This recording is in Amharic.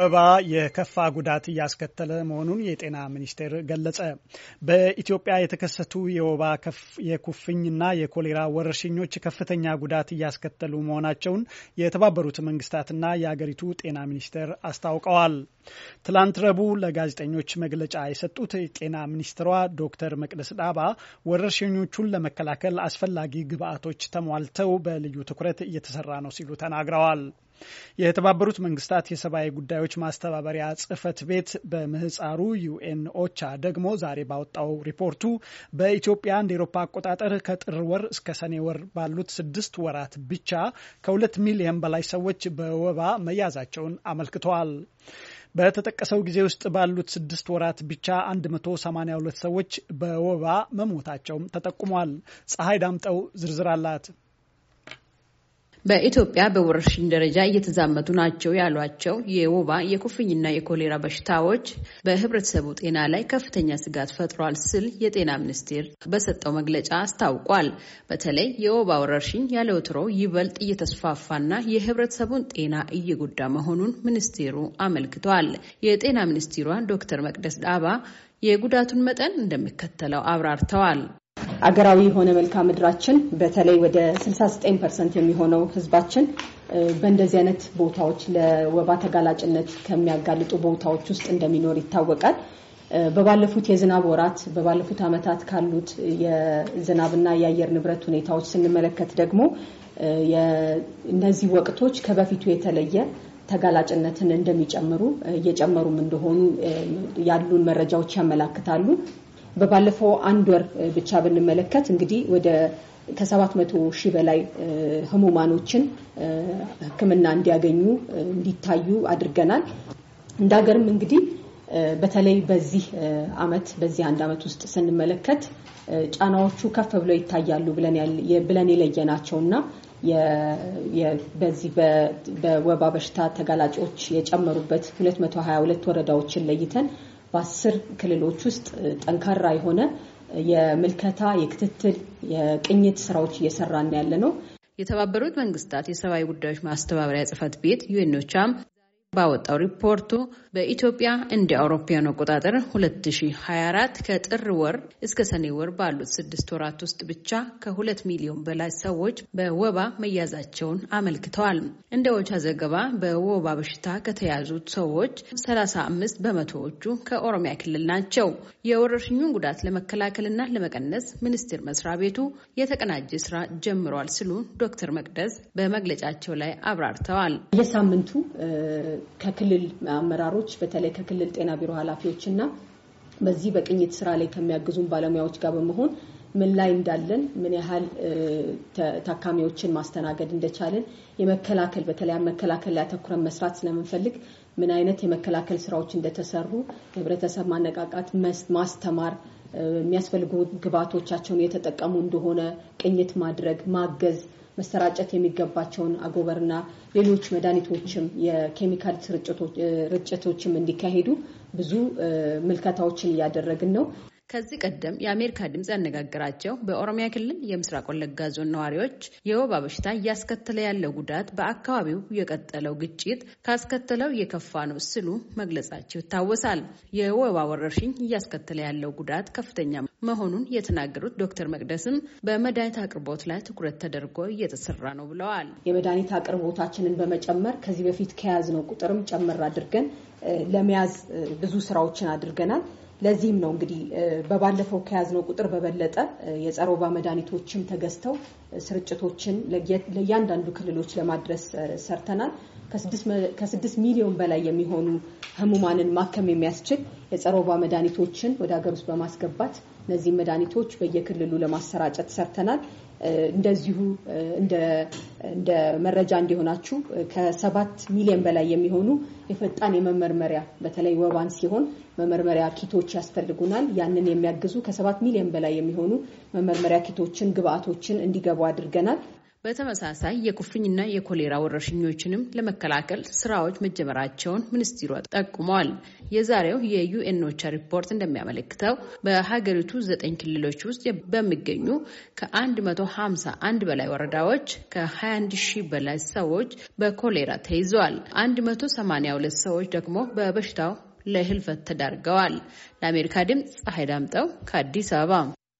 ወባ የከፋ ጉዳት እያስከተለ መሆኑን የጤና ሚኒስቴር ገለጸ። በኢትዮጵያ የተከሰቱ የወባ የኩፍኝና የኮሌራ ወረርሽኞች ከፍተኛ ጉዳት እያስከተሉ መሆናቸውን የተባበሩት መንግስታትና የአገሪቱ ጤና ሚኒስቴር አስታውቀዋል። ትላንት ረቡዕ ለጋዜጠኞች መግለጫ የሰጡት የጤና ሚኒስትሯ ዶክተር መቅደስ ዳባ ወረርሽኞቹን ለመከላከል አስፈላጊ ግብአቶች ተሟልተው በልዩ ትኩረት እየተሰራ ነው ሲሉ ተናግረዋል። የተባበሩት መንግስታት የሰብአዊ ጉዳዮች ማስተባበሪያ ጽህፈት ቤት በምህፃሩ ዩኤን ኦቻ ደግሞ ዛሬ ባወጣው ሪፖርቱ በኢትዮጵያ እንደ ኤሮፓ አቆጣጠር ከጥር ወር እስከ ሰኔ ወር ባሉት ስድስት ወራት ብቻ ከሁለት ሚሊዮን በላይ ሰዎች በወባ መያዛቸውን አመልክተዋል። በተጠቀሰው ጊዜ ውስጥ ባሉት ስድስት ወራት ብቻ 182 ሰዎች በወባ መሞታቸውም ተጠቁሟል። ፀሐይ ዳምጠው ዝርዝር አላት። በኢትዮጵያ በወረርሽኝ ደረጃ እየተዛመቱ ናቸው ያሏቸው የወባ የኩፍኝና የኮሌራ በሽታዎች በህብረተሰቡ ጤና ላይ ከፍተኛ ስጋት ፈጥሯል ስል የጤና ሚኒስቴር በሰጠው መግለጫ አስታውቋል። በተለይ የወባ ወረርሽኝ ያለወትሮ ይበልጥ እየተስፋፋና የህብረተሰቡን ጤና እየጎዳ መሆኑን ሚኒስቴሩ አመልክቷል። የጤና ሚኒስቴሯ ዶክተር መቅደስ ዳባ የጉዳቱን መጠን እንደሚከተለው አብራርተዋል። አገራዊ የሆነ መልክዓ ምድራችን በተለይ ወደ 69 ፐርሰንት የሚሆነው ህዝባችን በእንደዚህ አይነት ቦታዎች ለወባ ተጋላጭነት ከሚያጋልጡ ቦታዎች ውስጥ እንደሚኖር ይታወቃል። በባለፉት የዝናብ ወራት በባለፉት ዓመታት ካሉት የዝናብና የአየር ንብረት ሁኔታዎች ስንመለከት ደግሞ እነዚህ ወቅቶች ከበፊቱ የተለየ ተጋላጭነትን እንደሚጨምሩ እየጨመሩም እንደሆኑ ያሉን መረጃዎች ያመላክታሉ። በባለፈው አንድ ወር ብቻ ብንመለከት እንግዲህ ወደ ከሰባት መቶ ሺህ በላይ ህሙማኖችን ሕክምና እንዲያገኙ እንዲታዩ አድርገናል። እንደ ሀገርም እንግዲህ በተለይ በዚህ አመት በዚህ አንድ አመት ውስጥ ስንመለከት ጫናዎቹ ከፍ ብለው ይታያሉ ብለን የለየናቸው እና በዚህ በወባ በሽታ ተጋላጮች የጨመሩበት 222 ወረዳዎችን ለይተን በአስር ክልሎች ውስጥ ጠንካራ የሆነ የምልከታ፣ የክትትል፣ የቅኝት ስራዎች እየሰራን ያለ ነው። የተባበሩት መንግስታት የሰብአዊ ጉዳዮች ማስተባበሪያ ጽህፈት ቤት ዩኤኖቻም ባወጣው ሪፖርቱ በኢትዮጵያ እንደ አውሮፓውያን አቆጣጠር 2024 ከጥር ወር እስከ ሰኔ ወር ባሉት ስድስት ወራት ውስጥ ብቻ ከሁለት ሚሊዮን በላይ ሰዎች በወባ መያዛቸውን አመልክተዋል። እንደ ወቻ ዘገባ በወባ በሽታ ከተያዙት ሰዎች 35 በመቶዎቹ ከኦሮሚያ ክልል ናቸው። የወረርሽኙን ጉዳት ለመከላከልና ለመቀነስ ሚኒስቴር መስሪያ ቤቱ የተቀናጀ ስራ ጀምሯል ሲሉ ዶክተር መቅደስ በመግለጫቸው ላይ አብራርተዋል። የሳምንቱ ከክልል አመራሮች በተለይ ከክልል ጤና ቢሮ ኃላፊዎች እና በዚህ በቅኝት ስራ ላይ ከሚያግዙን ባለሙያዎች ጋር በመሆን ምን ላይ እንዳለን ምን ያህል ታካሚዎችን ማስተናገድ እንደቻለን የመከላከል በተለይ መከላከል ላይ አተኩረን መስራት ስለምንፈልግ ምን አይነት የመከላከል ስራዎች እንደተሰሩ የህብረተሰብ ማነቃቃት ማስተማር የሚያስፈልጉ ግብዓቶቻቸውን የተጠቀሙ እንደሆነ ቅኝት ማድረግ፣ ማገዝ መሰራጨት የሚገባቸውን አጎበርና ሌሎች መድኃኒቶችም የኬሚካል ርጭቶችም እንዲካሄዱ ብዙ ምልከታዎችን እያደረግን ነው። ከዚህ ቀደም የአሜሪካ ድምፅ ያነጋገራቸው በኦሮሚያ ክልል የምስራቅ ወለጋ ዞን ነዋሪዎች የወባ በሽታ እያስከተለ ያለው ጉዳት በአካባቢው የቀጠለው ግጭት ካስከተለው የከፋ ነው ስሉ መግለጻቸው ይታወሳል። የወባ ወረርሽኝ እያስከተለ ያለው ጉዳት ከፍተኛ መሆኑን የተናገሩት ዶክተር መቅደስም በመድኃኒት አቅርቦት ላይ ትኩረት ተደርጎ እየተሰራ ነው ብለዋል። የመድኃኒት አቅርቦታችንን በመጨመር ከዚህ በፊት ከያዝነው ቁጥርም ጨምር አድርገን ለመያዝ ብዙ ስራዎችን አድርገናል። ለዚህም ነው እንግዲህ በባለፈው ከያዝነው ቁጥር በበለጠ የጸረ ወባ መድኃኒቶችም ተገዝተው ስርጭቶችን ለእያንዳንዱ ክልሎች ለማድረስ ሰርተናል። ከስድስት ሚሊዮን በላይ የሚሆኑ ህሙማንን ማከም የሚያስችል የጸረ ወባ መድኃኒቶችን ወደ ሀገር ውስጥ በማስገባት እነዚህ መድኃኒቶች በየክልሉ ለማሰራጨት ሰርተናል። እንደዚሁ እንደ መረጃ እንዲሆናችሁ ከሰባት ሚሊዮን በላይ የሚሆኑ የፈጣን የመመርመሪያ በተለይ ወባን ሲሆን መመርመሪያ ኪቶች ያስፈልጉናል። ያንን የሚያግዙ ከሰባት ሚሊዮን በላይ የሚሆኑ መመርመሪያ ኪቶችን፣ ግብአቶችን እንዲገቡ አድርገናል። በተመሳሳይ የኩፍኝና የኮሌራ ወረርሽኞችንም ለመከላከል ስራዎች መጀመራቸውን ሚኒስትሯ ጠቁመዋል። የዛሬው የዩኤን ኦቻ ሪፖርት እንደሚያመለክተው በሀገሪቱ ዘጠኝ ክልሎች ውስጥ በሚገኙ ከ151 በላይ ወረዳዎች ከ21 ሺህ በላይ ሰዎች በኮሌራ ተይዘዋል። 182 ሰዎች ደግሞ በበሽታው ለህልፈት ተዳርገዋል። ለአሜሪካ ድምፅ ፀሐይ ዳምጠው ከአዲስ አበባ